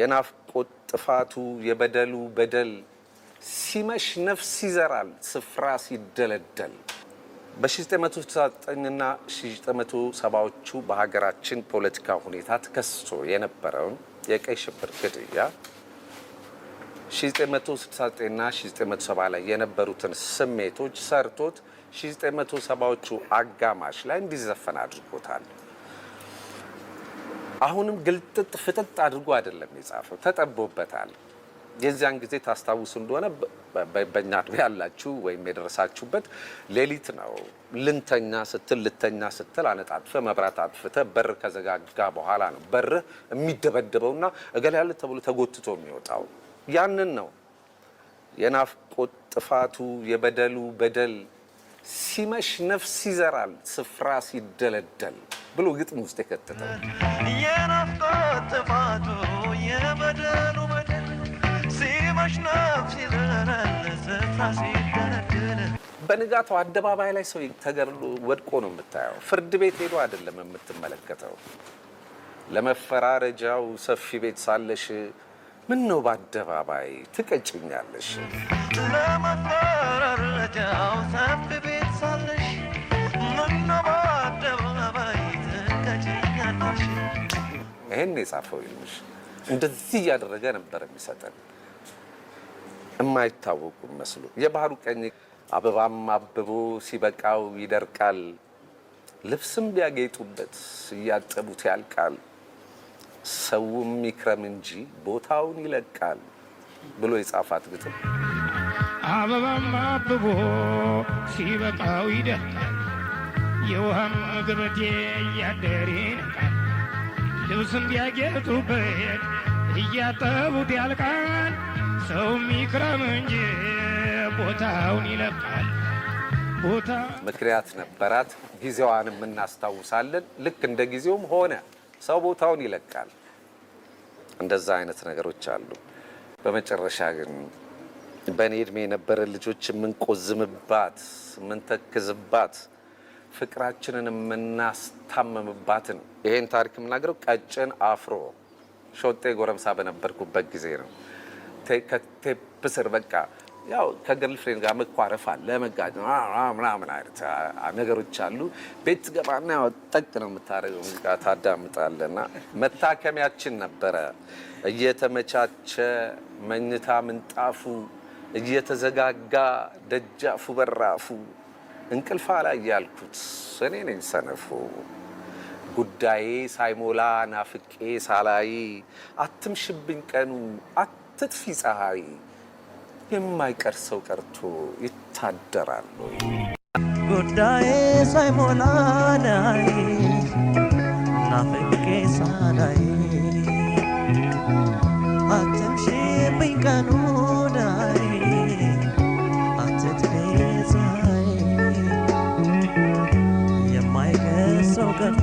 የናፍቆት ጥፋቱ የበደሉ በደል ሲመሽ ነፍስ ይዘራል ስፍራ ሲደለደል። በ1969ና 1970ዎቹ በሀገራችን ፖለቲካ ሁኔታ ተከስቶ የነበረውን የቀይ ሽብር ግድያ 1969ና 1970 ላይ የነበሩትን ስሜቶች ሰርቶት 1970ዎቹ አጋማሽ ላይ እንዲዘፈን አድርጎታል። አሁንም ግልጥጥ ፍጥጥ አድርጎ አይደለም የጻፈው፣ ተጠቦበታል። የዚያን ጊዜ ታስታውሱ እንደሆነ በእኛ ዕድሜ ያላችሁ ወይም የደረሳችሁበት ሌሊት ነው። ልንተኛ ስትል ልተኛ ስትል አነጣጥፈ መብራት አጥፍተ በር ከዘጋጋ በኋላ ነው በርህ የሚደበደበውና እገላ ያለ ተብሎ ተጎትቶ የሚወጣው ያንን ነው። የናፍቆት ጥፋቱ የበደሉ በደል ሲመሽ ነፍስ ይዘራል ስፍራ ሲደለደል ብሎ ግጥም ውስጥ የከተተው የናፍቆት ጥፋቱ የበደሉ በደል ሲመሽ ነፍስ በንጋታው አደባባይ ላይ ሰው ተገድሎ ወድቆ ነው የምታየው። ፍርድ ቤት ሄዶ አይደለም የምትመለከተው። ለመፈራረጃው ሰፊ ቤት ሳለሽ ምን ነው በአደባባይ ትቀጭኛለሽ? ለመፈራረጃው ሰፊ ቤት ይሄን የጻፈው ይልሽ እንደዚህ እያደረገ ነበር የሚሰጠን የማይታወቁ መስሉ የባህሩ ቀኝ አበባም አብቦ ሲበቃው ይደርቃል። ልብስም ቢያጌጡበት እያጠቡት ያልቃል። ሰውም ይክረም እንጂ ቦታውን ይለቃል ብሎ የጻፋት ግጥም አበባም አብቦ ሲበቃው ይደርቃል፣ የውሃም ገበቴ እያደር ይነቃል ልብስም ቢያጌጡበት እያጠቡት ያልቃል። ሰው ሚክረም እንጂ ቦታውን ይለቃል። ቦታ ምክንያት ነበራት። ጊዜዋንም እናስታውሳለን። ልክ እንደ ጊዜውም ሆነ ሰው ቦታውን ይለቃል። እንደዛ አይነት ነገሮች አሉ። በመጨረሻ ግን በእኔ እድሜ የነበረ ልጆች የምንቆዝምባት፣ የምንተክዝባት ፍቅራችንን የምናስታምምባትን ይሄን ታሪክ የምናገረው ቀጭን አፍሮ ሾጤ ጎረምሳ በነበርኩበት ጊዜ ነው። ከቴፕ ስር በቃ ያው ከገርል ጋር መኳረፍ አለ መጋጭ ምናምን አይነት ነገሮች አሉ። ቤት ገባና ያው ጠቅ ነው የምታደርገው ሙዚቃ ታዳምጣለና መታከሚያችን ነበረ። እየተመቻቸ መኝታ ምንጣፉ እየተዘጋጋ ደጃፉ በራፉ እንቅልፍ ላይ ያልኩት እኔ ነኝ ሰነፉ ጉዳዬ ሳይሞላ ናፍቄ ሳላይ አትምሽብኝ ቀኑ አትጥፊ ፀሐይ የማይቀር ሰው ቀርቶ ይታደራሉ። ጉዳዬ ሳይሞላ ናይ ናፍቄ ሳላይ አትምሽብኝ ቀኑ